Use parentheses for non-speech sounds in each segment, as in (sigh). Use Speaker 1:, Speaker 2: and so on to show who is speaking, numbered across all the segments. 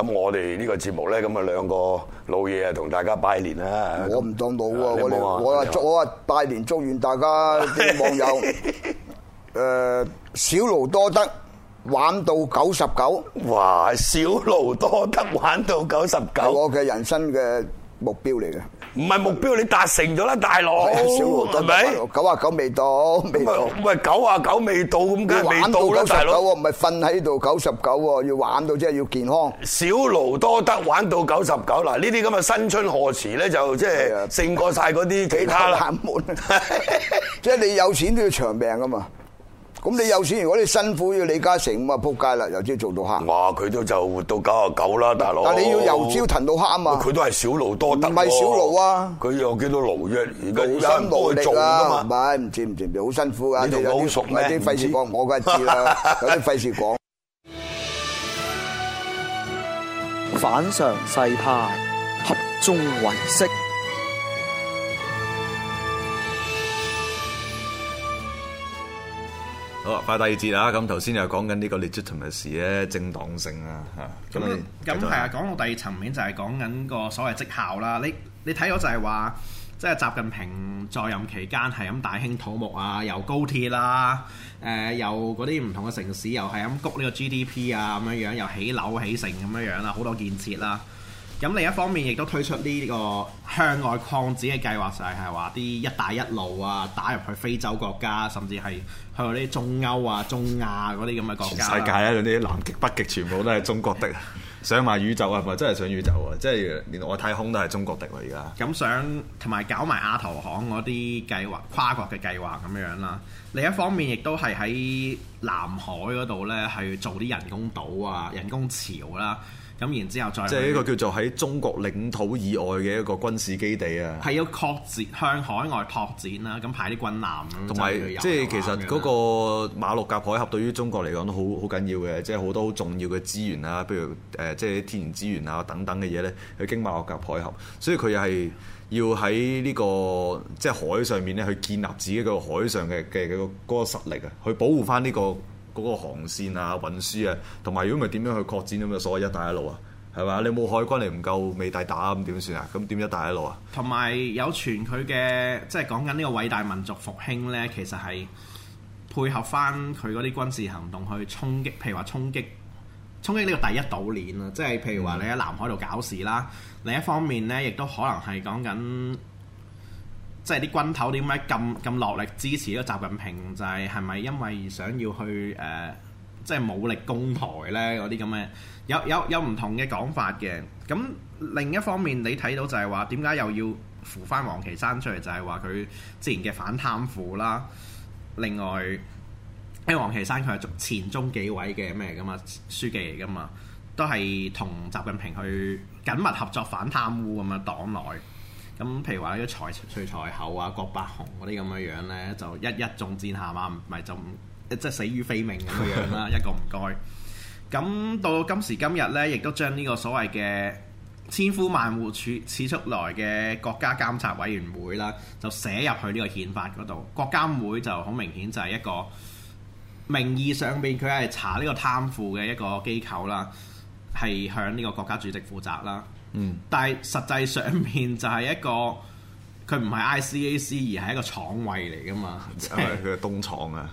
Speaker 1: 咁我哋呢個節目咧，咁啊兩個老嘢啊，同大家拜年啦！我唔當老啊，我我話祝我話拜年，祝願大家啲網友，誒，少勞多得，玩到九十九。哇！少勞多得，玩到九十九。我嘅人生嘅。目標嚟嘅，唔係目標你達成咗啦，大佬，小勞多得，係咪？九啊九未到，未到，喂，九啊九
Speaker 2: 未到咁梗係玩到啦，大佬，
Speaker 1: 唔係瞓喺度九十九喎，要玩到即係要健康，小勞多得玩到九十九。嗱，呢啲咁嘅新春賀詞咧，就即係勝過晒嗰啲其他冷門，即係你有錢都要長命㗎嘛。咁你有錢，如果你辛苦要李嘉誠咁啊扑街啦，由朝做到黑。哇！佢都就活到九啊九啦，大佬。但係你要由朝騰到黑啊嘛。佢都係少勞多得。唔係少勞啊。佢又幾多勞啫，而家好辛苦去做噶嘛，唔係唔知唔知，好辛苦噶。呢度好熟咩？費事講我梗係知啦，有啲費事講。反常世態，合眾唯識。快第二節啦，咁頭先又講緊呢個 legitimacy 同埋事咧，正當性啊嚇。咁咁係啊，
Speaker 2: 講到第二層面就係講緊個所謂績效啦。你你睇咗就係話，即係習近平在任期間係咁大興土木啊，又高鐵啦，誒、呃、又嗰啲唔同嘅城市又係咁谷呢個 GDP 啊，咁樣樣又起樓起城咁樣樣啦，好多建設啦。咁另一方面，亦都推出呢個向外擴展嘅計劃，就係係話啲一帶一路啊，打入去非洲國家，甚至係去嗰啲中歐啊、中亞
Speaker 1: 嗰啲咁嘅國家。全世界啊，嗰啲南極、北極全部都係中國的，上埋 (laughs) 宇宙啊，係咪真係上宇宙啊？即係連外太空都係中國的啦、啊，而家、嗯。咁在想同埋
Speaker 2: 搞埋亞投行嗰啲計劃、跨國嘅計劃咁樣啦。另一方面，亦都係喺南海嗰度呢，係做啲人工島啊、人工潮啦、啊。咁然之後再即係一個叫
Speaker 1: 做喺中國領土以外嘅一個軍事基地啊，係要擴
Speaker 2: 展向海外拓展啦，咁派啲軍艦，同埋有即
Speaker 1: 係其實嗰個馬六甲海峽對於中國嚟講都好好緊要嘅，即係好多好重要嘅資源啊，譬如誒、呃、即係天然資源啊等等嘅嘢咧，去經馬六甲海峽，所以佢又係要喺呢、這個即係海上面咧去建立自己嘅海上嘅嘅嗰個實力啊，去保護翻呢個。嗰個航線啊，運輸啊，同埋如果唔係點樣去擴展咁嘅所謂一帶一路啊，係嘛？你冇海軍，你唔夠美帝打咁點算啊？咁點一帶一路啊？
Speaker 2: 同埋有，有傳佢嘅即係講緊呢個偉大民族復興呢，其實係配合翻佢嗰啲軍事行動去衝擊，譬如話衝擊衝擊呢個第一島鏈啊，即係譬如話你喺南海度搞事啦。嗯、另一方面呢，亦都可能係講緊。即係啲軍頭點解咁咁落力支持咗個習近平，就係係咪因為想要去誒、呃，即係武力攻台咧？嗰啲咁嘅有有有唔同嘅講法嘅。咁另一方面，你睇到就係話點解又要扶翻王岐山出嚟？就係話佢之前嘅反貪腐啦。另外，因為王岐山佢係做前中紀委嘅咩㗎嘛，書記嚟㗎嘛，都係同習近平去緊密合作反貪污咁啊，黨內。咁譬如話，呢個徐才厚啊，郭伯雄嗰啲咁嘅樣呢，就一一中箭下馬，唔係就即係死於非命咁嘅樣啦， (laughs) 一個唔該。咁到今時今日呢，亦都將呢個所謂嘅千呼萬喚始出來嘅國家監察委員會啦，就寫入去呢個憲法嗰度。國監會就好明顯就係一個名義上邊佢係查呢個貪腐嘅一個機構啦，係向呢個國家主席負責啦。嗯、但係實際上面就係一個佢唔係 ICAC 而係一個廠位嚟噶嘛，因為佢
Speaker 1: 係東廠啊。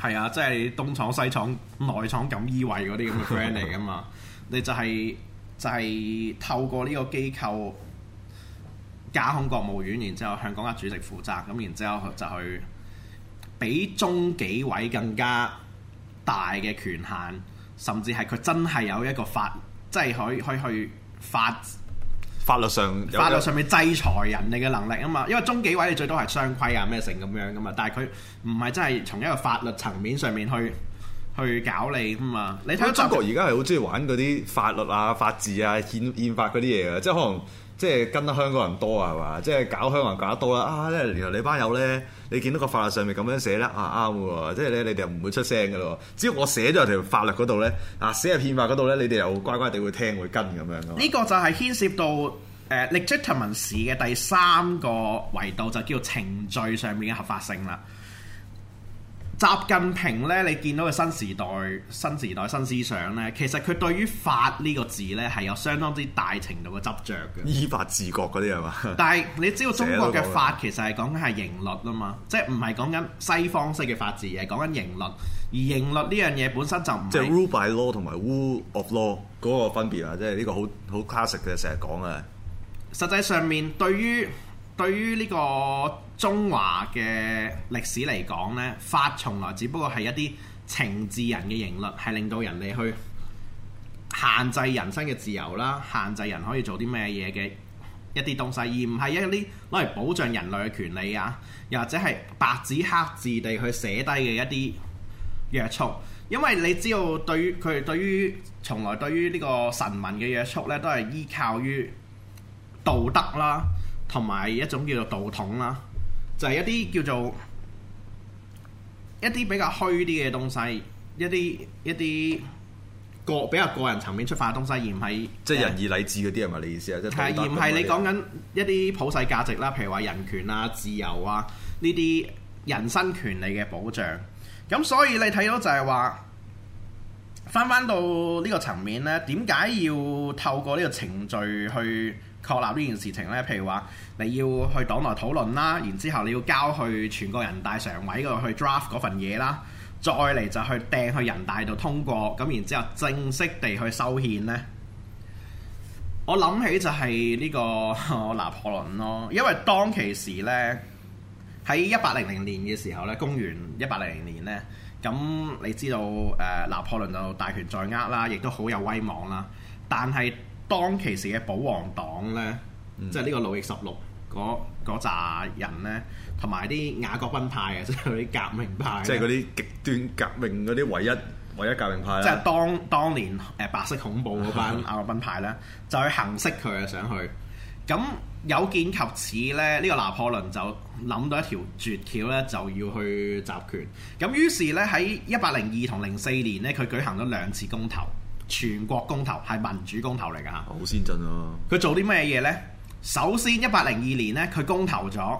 Speaker 1: 係 (laughs) 啊，即、
Speaker 2: 就、係、是、東廠西廠內廠錦衣衛嗰啲咁嘅 friend 嚟噶嘛。 (laughs) 你就係、是、就係、是、透過呢個機構，架空國務院，然之後向國家主席負責，咁然之後就去比中紀委更加大嘅權限，甚至係佢真係有一個法，即、就、係、是、可以可以去。可法
Speaker 1: 法律上，法律上
Speaker 2: 面制裁人哋嘅能力啊嘛，因為中紀委你最多係雙規啊咩成咁樣噶嘛，但係佢唔係真係從一個法律層面上面去去搞你噶嘛。
Speaker 1: 你睇中國而家係好中意玩嗰啲法律啊、法治啊、憲憲法嗰啲嘢嘅，即係可能。即係跟香港人多啊，係嘛？即係搞香港人搞得多啦啊！咧然後你班友咧，你見到個法律上面咁樣寫咧，啊啱喎！即係咧你哋又唔會出聲嘅咯。只要我寫咗喺條法律嗰度咧，啊寫入憲法嗰度咧，你哋又乖乖哋會聽會跟咁樣咯。呢個
Speaker 2: 就係牽涉到誒、呃、legitimacy 嘅第三個維度，就叫程序上面嘅合法性啦。習近平咧，你見到嘅新時代、新時代、新思想咧，其實佢對於法呢個字咧，係有相當之大程度嘅執着嘅。依
Speaker 1: 法治國嗰啲係嘛？ (laughs) 但係
Speaker 2: 你知道中國嘅法其實係講緊係刑律啊嘛，即係唔係講緊西方式嘅法治，係講緊刑律。而
Speaker 1: 刑律呢樣嘢本身就唔即係 rule by law 同埋 rule of law 嗰個分別啊，即係呢個好好 classic 嘅，成日講啊。實際上面對於。對於
Speaker 2: 呢個中華嘅歷史嚟講呢，法從來只不過係一啲情志人嘅刑律，係令到人哋去限制人身嘅自由啦，限制人可以做啲咩嘢嘅一啲東西，而唔係一啲攞嚟保障人類嘅權利啊，又或者係白紙黑字地去寫低嘅一啲約束，因為你知道對於佢哋對於從來對於呢個臣民嘅約束呢，都係依靠於道德啦。同埋一種叫做道統啦，就係一啲叫做一啲比較虛啲嘅東西，一啲一啲個比較個人層面出發嘅東西，而唔係
Speaker 1: 即係仁義禮智嗰啲係咪你意思啊？係而唔係你講
Speaker 2: 緊一啲普世價值啦，譬如話人權啊、自由啊呢啲人身權利嘅保障。咁所以你睇到就係話返返到呢個層面呢，點解要透過呢個程序去？確立呢件事情呢，譬如話你要去黨內討論啦，然之後你要交去全國人大常委度去 draft 嗰份嘢啦，再嚟就去掟去人大度通過，咁然之後正式地去修憲呢。我諗起就係呢、呢個 (laughs) 拿破崙咯，因為當其時呢，喺一八零零年嘅時候呢，公元一八零零年呢，咁你知道誒、呃、拿破崙就大權在握啦，亦都好有威望啦，但係，當其時嘅保皇黨呢，嗯、即係呢個路易十六嗰嗰扎人呢，同埋啲雅各賓派嘅，即係嗰啲革命派。即係嗰啲
Speaker 1: 極端革命嗰啲唯一唯一革命派，即係
Speaker 2: 當當年誒白色恐怖嗰班雅各賓派呢， (laughs) 就去行色佢嘅想去。咁有見及此呢，呢、呢個拿破崙就諗到一條絕橋呢，就要去集權。咁於是呢，喺一八零二同零四年呢，佢舉行咗兩次公投。全國公投係民主公投嚟㗎好先進咯。佢做啲咩嘢呢？首先，一八零二年呢，佢公投咗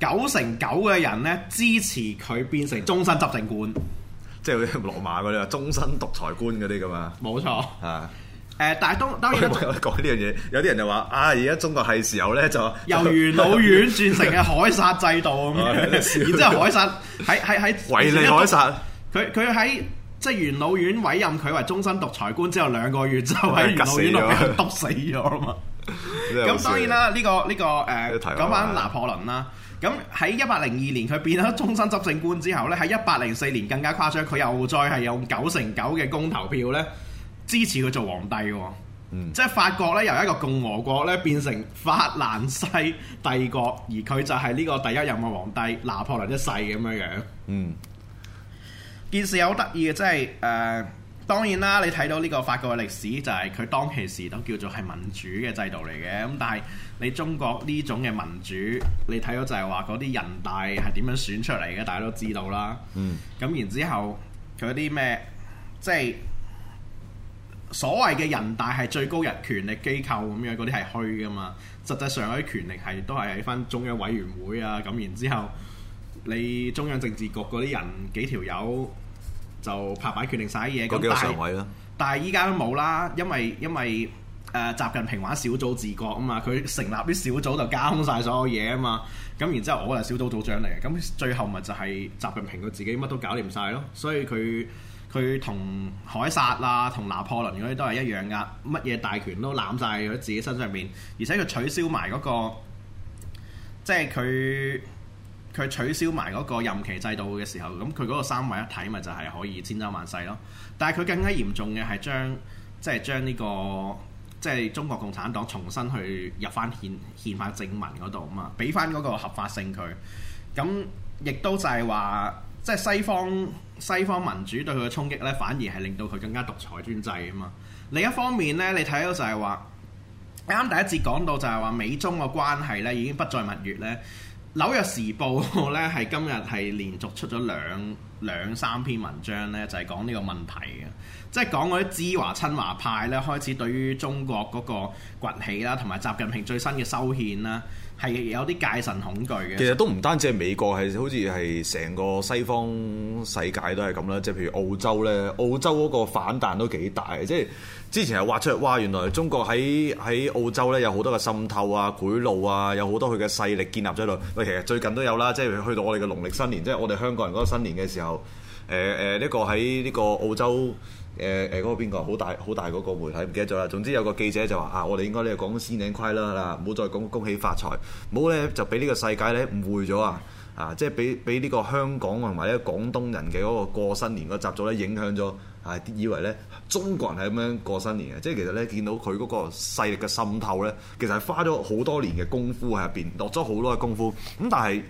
Speaker 2: 九成九嘅人呢，支持佢變成終身執政官，
Speaker 1: (laughs) 即係好似羅馬嗰啲啊，終身獨裁官嗰啲㗎嘛。冇錯
Speaker 2: 啊。但係都當然冇
Speaker 1: 人講呢樣嘢，有啲人就話啊，而家中國係時候呢，就，就由元老院轉
Speaker 2: 成嘅海殺制度咁，然後、 (laughs) 啊、海殺，喺喺喺，維尼海殺。佢佢喺。即係元老院委任佢為終身獨裁官，之後兩個月就喺元老院度被毒死咗嘛？
Speaker 1: 咁 (laughs) 當然啦，
Speaker 2: 呢、 (laughs) 呢個呢、呢個誒講返拿破崙啦。咁喺一八零二年佢變咗終身執政官之後咧，喺一八零四年更加誇張，佢又再係用九成九嘅公投票咧，支持佢做皇帝喎。嗯、即係法國咧由一個共和國咧變成法蘭西帝國，而佢就係呢個第一任嘅皇帝拿破崙一世咁樣樣。嗯。件事有好得意嘅，即係誒、呃，當然啦，你睇到呢個法國嘅歷史，就係、是、佢當其時都叫做係民主嘅制度嚟嘅。咁但係你中國呢種嘅民主，你睇到就係話嗰啲人大係點樣選出嚟嘅，大家都知道啦。咁、嗯、然之後佢啲咩，即係所謂嘅人大係最高人權力機構咁樣，嗰啲係虛嘅嘛。實際上嗰啲權力係都係喺翻中央委員會啊。咁然之後你中央政治局嗰啲人幾條友。就拍板決定曬嘢，咁但係，但係依家都冇啦，因為因為誒習近平玩小組治國啊嘛，佢成立啲小組就架空晒所有嘢啊嘛，咁然之後我係小組組長嚟嘅，咁最後咪就係習近平佢自己乜都搞掂晒咯，所以佢佢同凱撒啦、同、啊、拿破崙嗰啲都係一樣噶，乜嘢大權都攬曬咗自己身上面。而且佢取消埋嗰、嗰個，即係佢。佢取消埋嗰個任期制度嘅時候，咁佢嗰個三位一體咪就係可以千秋萬世咯。但係佢更加嚴重嘅係將即係、就是、將呢、這個即係、就是、中國共產黨重新去入翻憲憲法正文嗰度啊嘛，俾翻嗰個合法性佢。咁亦都就係話，即、就、係、是、西方西方民主對佢嘅衝擊呢，反而係令到佢更加獨裁專制啊嘛。另一方面呢，你睇到就係話啱啱第一節講到就係話美中嘅關係呢已經不再蜜月呢。紐約時報咧，係今日係連續出咗兩兩三篇文章咧，就係、是、講呢個問題嘅，即係講嗰啲知華親華派咧，開始對於中國嗰個崛起啦，同埋習近平最新嘅修憲啦。係有啲戒慎恐懼嘅。其實都唔
Speaker 1: 單止係美國，係好似係成個西方世界都係咁啦。即係譬如澳洲呢，澳洲嗰個反彈都幾大。即係之前係挖出嚟，哇！原來中國喺喺澳洲呢，有好多嘅滲透啊、賄賂啊，有好多佢嘅勢力建立咗喺度。喂，其實最近都有啦，即係去到我哋嘅農曆新年，即係我哋香港人嗰個新年嘅時候。誒誒呢個喺呢個澳洲，誒誒嗰個邊個好大好大嗰個媒體唔記得咗啦。總之有個記者就話啊，我哋應該咧講先領規啦嗱，唔好再講恭喜發財，唔好咧就俾呢個世界咧誤會咗啊啊！即係俾俾呢個香港同埋咧廣東人嘅嗰個過新年嘅習俗咧影響咗，係、啊、以為咧中國人係咁樣過新年嘅。即係其實咧見到佢嗰個勢力嘅滲透咧，其實係花咗好多年嘅功夫喺入邊，落咗好多嘅功夫。咁但係。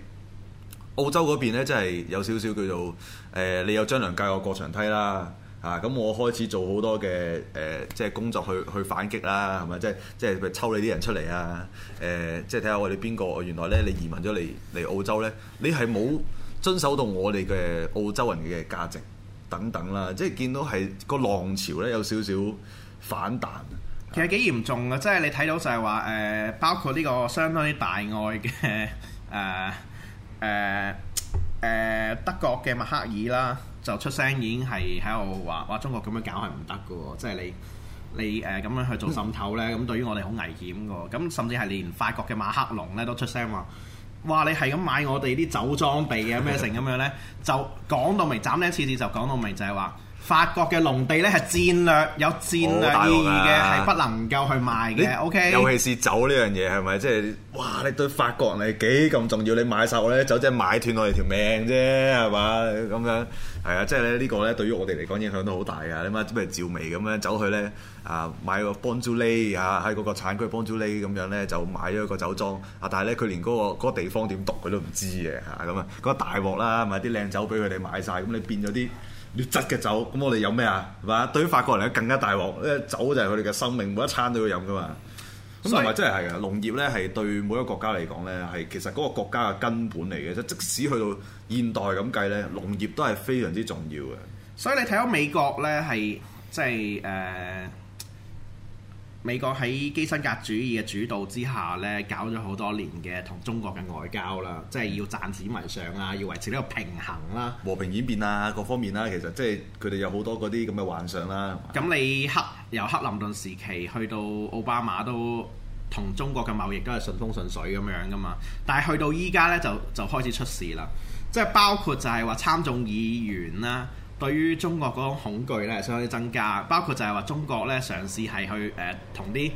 Speaker 1: 澳洲嗰邊咧，真係有少少叫做誒、呃，你有張良計我過牆梯啦，啊咁我開始做好多嘅誒、呃，即係工作去去反擊啦，係咪？即係即係抽你啲人出嚟啊！誒，即係睇下我哋邊個，原來咧你移民咗嚟嚟澳洲咧，你係冇遵守到我哋嘅澳洲人嘅價值等等啦、啊，即係見到係個浪潮咧有少少反彈，其
Speaker 2: 實幾嚴重啊！即係你睇到就係話誒，包括呢個相當於大愛嘅誒。呃誒誒、呃呃、德國嘅默克爾啦，就出聲已經係喺度話：哇！中國咁樣搞係唔得嘅喎，即係你你誒咁、呃、樣去做滲透咧，咁 (laughs) 對於我哋好危險嘅喎。咁甚至係連法國嘅馬克龍咧都出聲話：哇！你係咁買我哋啲酒裝備啊咩成咁樣咧， (laughs) 就講到未斬呢一次次就講到未，就係話。法國嘅農地咧係戰略有戰略意義嘅，係、啊、不能夠去賣嘅。你 Okay，尤其
Speaker 1: 是酒呢樣嘢係咪？即係哇！你對法國人幾咁重要？你買晒我咧酒，即係買斷我哋條命啫，係嘛咁樣？係啊，即係咧呢個咧對於我哋嚟講影響都好大啊。你問咩趙薇咁樣走去咧啊買個 Beaujolais 喺、啊、個國產區 Beaujolais 咁樣咧就買咗個酒莊啊，但係咧佢連嗰個嗰個地方點讀佢都唔知嘅嚇咁啊，嗰個大鑊啦，買啲靚酒俾佢哋買晒，咁你變咗啲。劣質嘅酒，咁我哋飲咩啊？係嘛？對於法國人嚟講更加大鑊，因為酒就係佢哋嘅生命，每一餐都要飲㗎嘛。咁同埋真係係嘅，農業咧係對每一個國家嚟講咧係其實嗰個國家嘅根本嚟嘅，即即使去到現代咁計咧，農業都係非常之重要嘅。所以你睇到美國咧係即係誒。
Speaker 2: 美國喺基辛格主義嘅主導之下咧，搞咗好多年嘅同中國嘅外交
Speaker 1: 啦，即係要賺錢為上啊，要維持呢個平衡啦、和平演變啊，各方面啦、啊，其實即係佢哋有好多嗰啲咁嘅幻想啦、啊。咁、嗯、你黑由克林頓時期去
Speaker 2: 到奧巴馬都同中國嘅貿易都係順風順水咁樣噶嘛，但係去到依家咧就就開始出事啦，即係包括就係話參眾議員啦。對於中國嗰種恐懼咧，相對增加，包括就係話中國咧嘗試係去誒同啲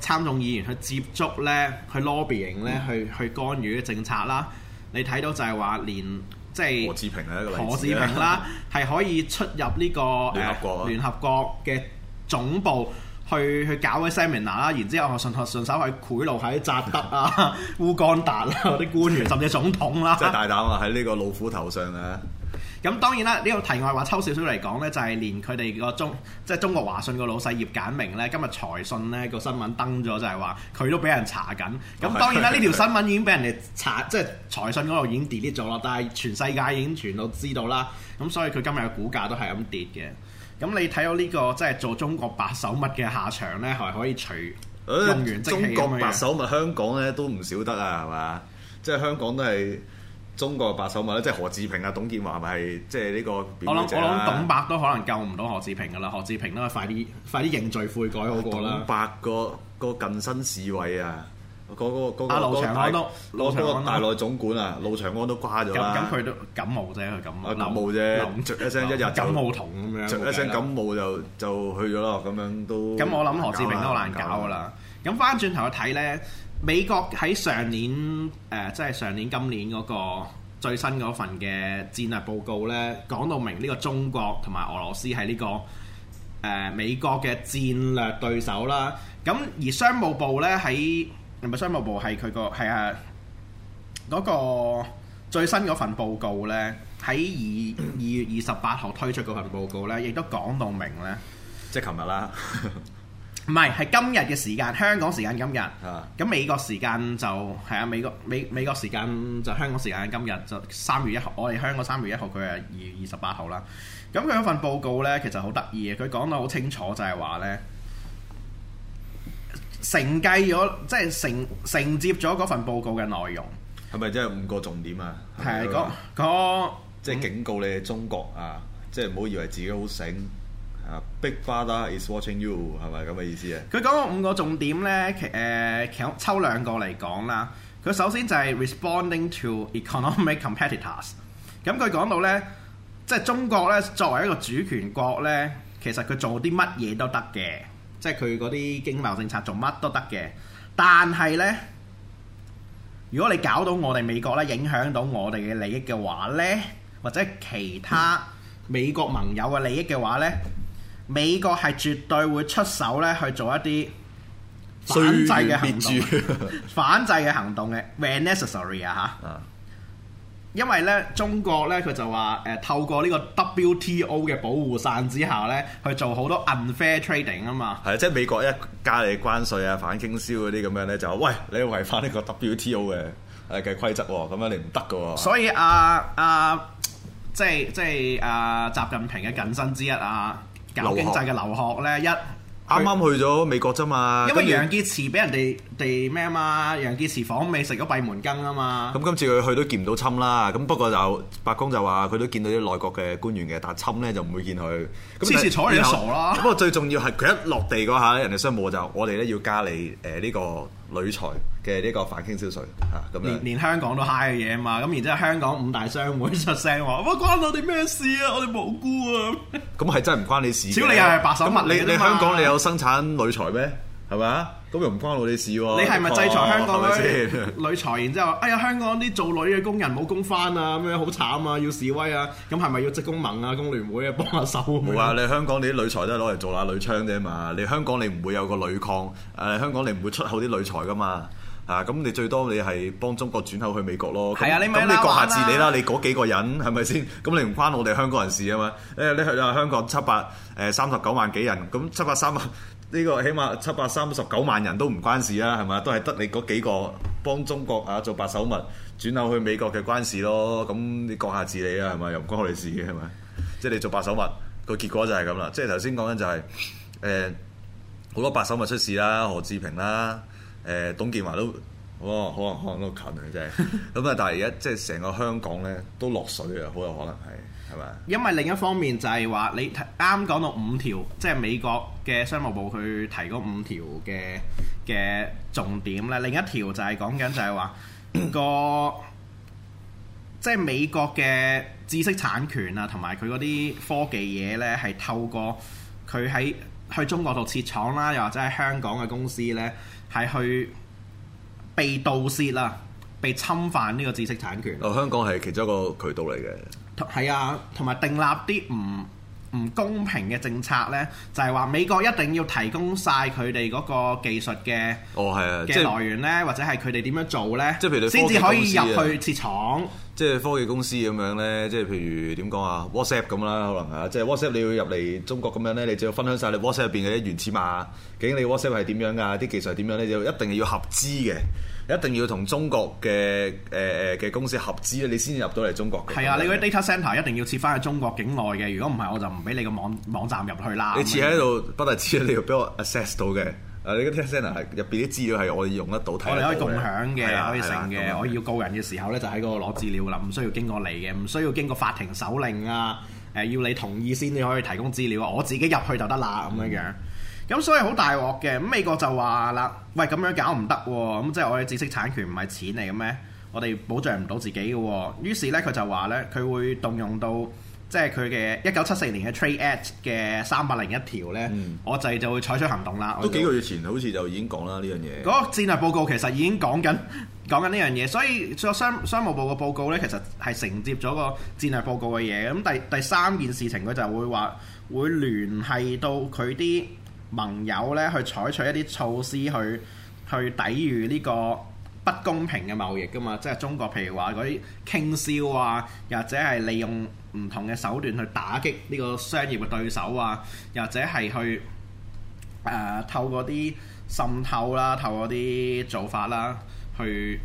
Speaker 2: 參眾議員去接觸咧，去 lobbying 咧，去去干預嘅政策啦。你睇到就係話，連即係何志平係一個何志平啦，係可以出入呢個聯合國嘅總部去去搞啲 seminar 啦，然之後順順手係賄賂喺乍得啊、烏干達啊嗰啲官員，甚至係總統啦。即係大膽啊！喺呢個老虎頭上啊！咁當然啦，呢、這個題外話抽少少嚟講呢，就係、是、連佢哋個中即係中國華信個老細葉簡明呢。今日財訊呢個新聞登咗，就係話佢都俾人查緊。咁、哦、當然啦，呢條、哦、新聞已經俾人哋查，哦、即係財訊嗰度已經 delete 咗啦。但係全世界已經傳到知道啦。咁所以佢今日嘅股價都係咁跌嘅。咁你睇到呢、這個即係做中國白手套嘅下場呢，
Speaker 1: 係可以除、哎？用完中國白手套香港呢都唔少得啊，係嘛？即係香港都係。中國白首物咧，即係何志平啊，董建華係咪係即係呢個？我諗我諗董伯都
Speaker 2: 可能救唔到何志平噶啦，何志平都係快啲快啲認罪悔改好過啦。董伯、
Speaker 1: 嗰個近身侍衛啊，阿、嗰個路長安都，嗰個嗰個大嗰個大內總管啊，路長安都瓜咗啦。咁佢都
Speaker 2: 感冒啫，佢感冒。感冒啫，咳一聲一日感冒痛咁樣，咳一聲感
Speaker 1: 冒就就去咗啦，咁樣都。咁冷 我諗何志平都好難搞啦。
Speaker 2: 咁翻轉頭去睇咧。美國喺上年誒、呃，即係上年今年嗰個最新嗰份嘅戰略報告呢，講到明呢個中國同埋俄羅斯係呢、呢個誒、呃、美國嘅戰略對手啦。咁而商務部呢，喺係咪商務部係佢個係啊嗰、嗰個最新嗰份報告呢，喺二二月二十八號推出嗰份報告呢，亦都講到明呢，
Speaker 1: 即係琴日啦。 (laughs)
Speaker 2: 唔係，係今日嘅時間，香港時間今日。咁、啊、美國時間就係啊，美國美美國時間就香港時間今日就三月一號，我哋香港三月一號，佢係二月二十八號啦。咁佢嗰份報告呢，其實好得意嘅，佢講得好清楚就，就係話呢，承繼咗即係承承接咗嗰份報告嘅內容。
Speaker 1: 係咪即係五個重點啊？係啊，個即係警告你哋中國啊，嗯、即係唔好以為自己好醒。Big Brother is watching you，係咪咁嘅意思啊？佢
Speaker 2: 講咗五個重點咧，其誒、呃，抽兩個嚟講啦。佢首先就係 responding to economic competitors。咁佢講到咧，即係中國咧作為一個主權國咧，其實佢做啲乜嘢都得嘅，即係佢嗰啲經貿政策做乜都得嘅。但係咧，如果你搞到我哋美國咧，影響到我哋嘅利益嘅話咧，或者其他美國盟友嘅利益嘅話咧。美國係絕對會出手咧去做一啲反制嘅行動， (laughs) 反制嘅行動嘅 when necessary 啊嚇。因為咧，中國咧佢就話誒、呃，透過呢個 WTO 嘅保護傘之下咧，去做好多 unfair trading 啊嘛。
Speaker 1: 係即係美國一加你關稅啊，反傾銷嗰啲咁樣咧，就喂，你違反呢個 WTO 嘅誒嘅規則、啊，咁樣你唔得嘅。所
Speaker 2: 以阿阿、呃呃、即係即係阿、呃、習近平嘅近身之一啊！搞經濟嘅劉鶴咧，一
Speaker 1: 啱啱去咗美國啫嘛，因為楊潔
Speaker 2: 篪俾人哋哋咩啊嘛，楊潔篪訪美食咗閉門羹啊嘛，
Speaker 1: 咁今次佢去都見唔到侵啦，咁不過就白宮就話佢都見到啲內閣嘅官員嘅，但係侵咧就唔會見佢。咁次次坐你都傻啦，不過最重要係佢一落地嗰下咧，人哋商務就我哋咧要加你誒呢、呃這個。鋁材嘅呢個反傾銷稅嚇咁樣連，連香
Speaker 2: 港都嗨嘅嘢啊嘛，咁然之後香港五大商會出聲話：乜 (laughs) 關我哋咩事啊？我哋無辜啊！
Speaker 1: 咁係 (laughs) 真係唔關你事。小李又係白手物你，你你香港你有生產鋁材咩？ (laughs) (laughs) 係咪啊？咁又唔關我哋事喎！你係咪制裁香港鋁鋁材？然之
Speaker 2: 後，哎呀，香港啲做鋁嘅工人冇工返啊！咁樣好慘啊！要示威啊！咁係咪要職工盟啊、工聯會啊幫下手、啊？冇啊！你
Speaker 1: 香港你啲鋁材都攞嚟做下鋁窗啫嘛！你香港你唔會有個鋁礦，誒香港你唔會出口啲鋁材㗎嘛？嚇、 (laughs) 啊！咁你最多你係幫中國轉口去美國咯。係啊，你唔係咁你閣下自理啦！你嗰幾個人係咪先？咁你唔關我哋香港人事啊嘛！誒，你去啊，香港七百誒三十九萬幾人，咁七百三萬。呢個起碼七百三十九萬人都唔關事啦，係咪？都係得你嗰幾個幫中國啊做白手物轉口去美國嘅關事咯。咁你閣下治理啊，係咪？又唔關我哋事嘅係咪？即係你做白手物，個結果就係咁啦。即係頭先講緊就係誒好多白手物出事啦，何志平啦，誒、呃、董建華都好、哦、可能可能都近真係啫。咁啊， (laughs) 但係而家即係成個香港咧都落水啊，好有可能係。
Speaker 2: 因為另一方面就係話你啱講到五條，即係美國嘅商務部去提嗰五條嘅嘅重點咧。另一條就係講緊就係話個即係美國嘅知識產權啊，同埋佢嗰啲科技嘢呢，係透過佢喺去中國度設廠啦，又或者喺香港嘅公司呢，係去被盜竊啊，被侵犯呢個知識產權。
Speaker 1: 哦，香港係其中一個渠道嚟嘅。
Speaker 2: 係啊，同埋訂立啲唔唔公平嘅政策咧，就係話美國一定要提供晒佢哋嗰個技術嘅
Speaker 1: 哦係啊嘅來
Speaker 2: 源咧，即，或者係佢哋點樣做咧？即係譬如你科技公司先至可以入去設廠。
Speaker 1: 即係科技公司咁樣咧，即係譬如點講啊？WhatsApp 咁啦，可能啊，即係 WhatsApp 你要入嚟中國咁樣咧，你就要分享晒你 WhatsApp 入邊嘅原始碼，究竟你 WhatsApp 係點樣㗎？啲技術係點樣咧？就一定要合資嘅。一定要同中國嘅誒誒嘅公司合資咧，你先入到嚟中國嘅。係啊，你嗰啲
Speaker 2: data center 一定要設翻喺中國境內嘅，如果唔係我就唔俾你個網網站入去啦。你設喺度，
Speaker 1: 不但設，你要俾我 access 到嘅。你你 data centre 係入邊啲資料係我哋用得到睇我哋可以共享嘅、啊，可以成嘅。啊啊、我要
Speaker 2: 告人嘅時候咧，啊、就喺嗰度攞資料啦，唔需要經過你嘅，唔需要經過法庭手令啊。誒，要你同意先你可以提供資料，我自己入去就得啦，咁樣樣。咁所以好大鑊嘅，咁美國就話啦，喂，咁樣搞唔得喎。咁即係我哋知識產權唔係錢嚟嘅咩？我哋保障唔到自己嘅。於是咧，佢就話咧，佢會動用到即係佢嘅一九七四年嘅 Trade Act 嘅三百零一條咧，嗯、我就就會採取行動啦。都幾個
Speaker 1: 月前好似就已經講啦呢樣嘢，嗰
Speaker 2: 個戰略報告其實已經講緊講緊呢樣嘢，所以商商務部嘅報告咧，其實係承接咗個戰略報告嘅嘢咁。第第三件事情佢就會話會聯繫到佢啲盟友咧去採取一啲措施去去抵禦呢個不公平嘅貿易㗎嘛，即係中國譬如話嗰啲傾銷啊，或者係利用唔同嘅手段去打擊呢個商業嘅對手啊，或者係去誒、呃、透過啲滲透啦，透過啲做法啦去。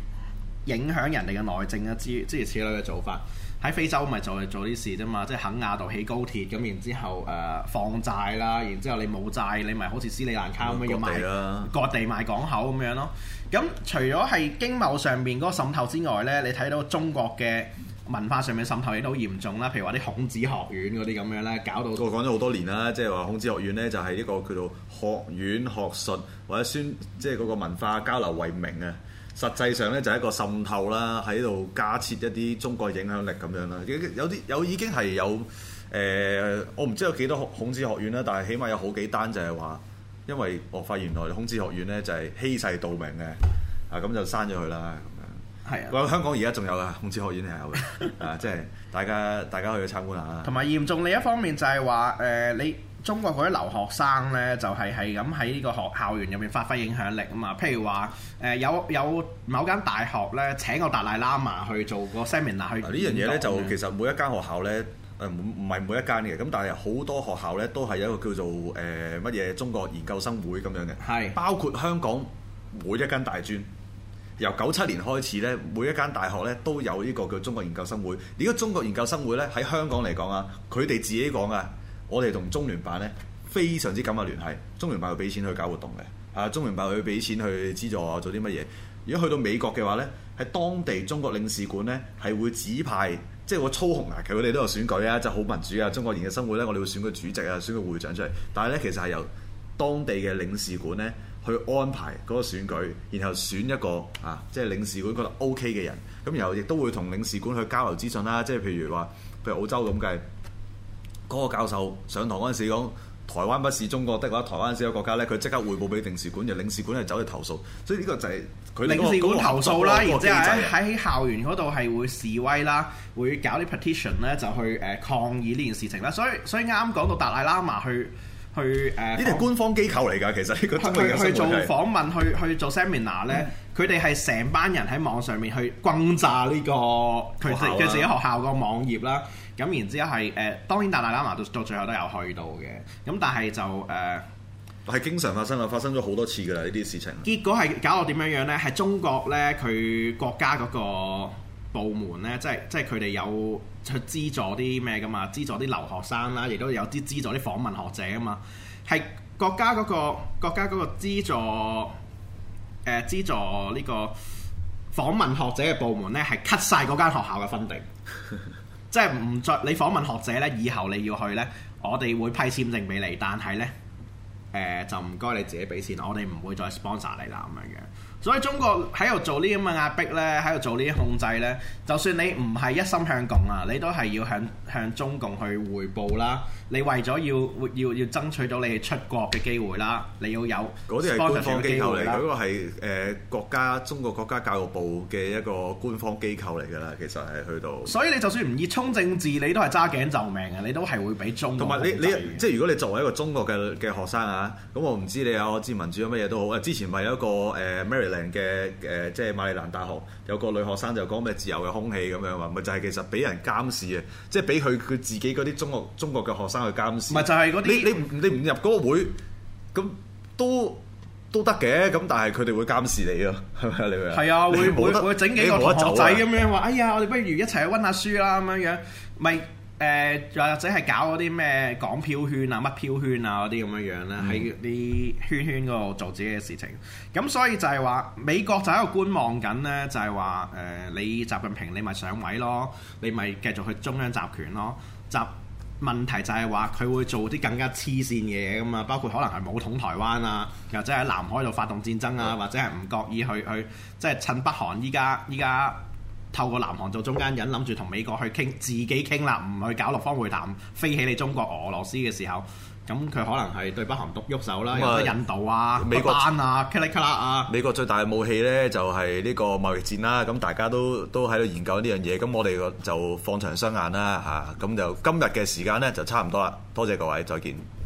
Speaker 2: 影響人哋嘅內政啊，之之如此類嘅做法。喺非洲咪就係做做啲事啫嘛，即係肯亞度起高鐵，咁然之後誒、呃、放債啦，然之後你冇債，你咪好似斯里蘭卡咁樣、啊、要賣各地賣港口咁樣咯。咁除咗係經貿上面嗰個滲透之外呢，你睇到中
Speaker 1: 國嘅文化上面
Speaker 2: 滲透亦都好嚴重啦。譬如話啲孔子學
Speaker 1: 院嗰啲咁樣咧，搞到我講咗好多年啦，即係話孔子學院呢、這個，就係一個叫做學院學術或者宣即係嗰個文化交流為名啊。實際上咧就係一個滲透啦，喺度加設一啲中國影響力咁樣啦，有啲有，有已經係有誒、呃，我唔知有幾多孔子學院啦，但係起碼有好幾單就係話，因為我發現原來孔子學院呢就係欺世盜名嘅。啊咁就刪咗佢啦咁樣。係啊、呃，香港而家仲有噶孔子學院係有嘅， (laughs) 啊，即、就、係、是、大家大家可以去參觀下。同
Speaker 2: 埋嚴重另一方面就係話誒你。中國嗰啲留學生呢，就係係咁喺呢個學校園入面發揮影響力啊嘛。譬如話誒、呃，有有某間大學呢，請個達賴喇嘛去
Speaker 1: 做個 seminar 去。呢樣嘢呢，就其實每一間學校呢，誒唔唔係每一間嘅咁，但係好多學校呢，都係有一個叫做誒乜嘢中國研究生會咁樣嘅。係是包括香港每一間大專由九七年開始呢，每一間大學呢，都有呢個叫中國研究生會。如果中國研究生會呢，喺香港嚟講啊，佢哋自己講啊。嗯我哋同中聯辦呢，非常之緊密聯繫，中聯辦會俾錢去搞活動嘅，啊中聯辦會俾錢去資助我做啲乜嘢。如果去到美國嘅話呢，喺當地中國領事館呢係會指派，即係我操控啊。其實我哋都有選舉啊，就好民主啊。中國人嘅生活呢，我哋會選個主席啊，選個會長出嚟。但係呢，其實係由當地嘅領事館呢去安排嗰個選舉，然後選一個啊，即係領事館覺得 OK 嘅人。咁然後亦都會同領事館去交流資訊啦。即係譬如話，譬如澳洲咁計。嗰個教授上堂嗰陣時講：台灣不是中國的，得我台灣只一個國家咧。佢即刻匯報俾領事館，就領事館係走嚟投訴。所以呢個就係佢、那個、領事館投訴啦，然之後喺
Speaker 2: 喺校園嗰度係會示威啦，會搞啲 petition 咧，就去誒抗議呢件事情啦。所以所以啱啱講到達賴喇嘛去去誒，呢啲係官方機構嚟㗎，其實佢、就是、去去做訪問，去去做 seminar 咧、嗯，佢哋係成班人喺網上面去轟炸呢、這個佢哋佢自己學校個網頁啦。咁然之後係誒、呃，當然大係拉馬到到最後都有去到嘅，咁但係就誒，
Speaker 1: 係經常發生啊，發生咗好多次噶啦呢啲事情。
Speaker 2: 結果係搞到點樣樣呢？係中國呢，佢國家嗰個部門呢，即係即係佢哋有去資助啲咩噶嘛？資助啲留學生啦、啊，亦都有啲資助啲訪問學者噶、啊、嘛？係國家嗰、嗰個國家嗰個資助誒資、呃、助呢個訪問學者嘅部門呢，係 cut 曬嗰間學校嘅分定。 (laughs) 即係唔再你訪問學者咧，以後你要去咧，我哋會批簽證俾你，但係咧，誒、呃、就唔該你自己俾錢，我哋唔會再 sponsor 你啦，咁樣樣。所以中國喺度做呢啲咁嘅壓迫咧，喺度做呢啲控制咧，就算你唔係一心向共啊，你都係要向向中共去匯報啦。你為咗要要要爭取到你出國嘅機會啦，你要有嗰啲係官方機構嚟，嗰個係
Speaker 1: 誒國家中國國家教育部嘅一個官方機構嚟㗎啦。其實係去到，
Speaker 2: 所以你就算唔熱衷政治，你都係揸頸就命啊。你都係會俾
Speaker 1: 中共。同埋你你即係如果你作為一個中國嘅嘅學生啊，咁、嗯、我唔知你有知民主有乜嘢都好，誒之前咪有一個誒。呃嘅誒，即係馬里蘭大學有個女學生就講咩自由嘅空氣咁樣話，咪就係、是、其實俾人監視啊！即係俾佢佢自己嗰啲中國中國嘅學生去監視。咪就係嗰啲。你你唔你唔入嗰個會，咁都都得嘅。咁但係佢哋會監視你，你啊，係咪你話係啊？會會會整幾個同學仔咁
Speaker 2: 樣話，哎呀，我哋不如一齊去溫下書啦咁樣樣，咪。又、呃、或者係搞嗰啲咩港漂圈啊、乜漂圈啊嗰啲咁樣樣咧，喺啲、嗯、圈圈嗰度做自己嘅事情。咁所以就係話，美國就喺度觀望緊咧，就係話誒，你習近平你咪上位咯，你咪繼續去中央集權咯。習，問題就係話佢會做啲更加黐線嘅嘢噶嘛，包括可能係武統台灣啊，或者喺南海度發動戰爭啊，嗯、或者係唔覺意去去，即係、就是、趁北韓依家依家。透過南韓做中間人，諗住同美國去傾，自己傾啦，唔去搞六方會談，飛起你中國俄羅斯嘅時候，咁佢可能係對北韓篤喐手啦，麼有得印度啊、美國啊、噓噓噓
Speaker 1: 噓啊。美國最大嘅武器呢就係呢個貿易戰啦，咁大家都都喺度研究呢樣嘢，咁我哋就放長雙眼啦嚇，咁就今日嘅時間呢就差唔多啦，多謝各位，再見。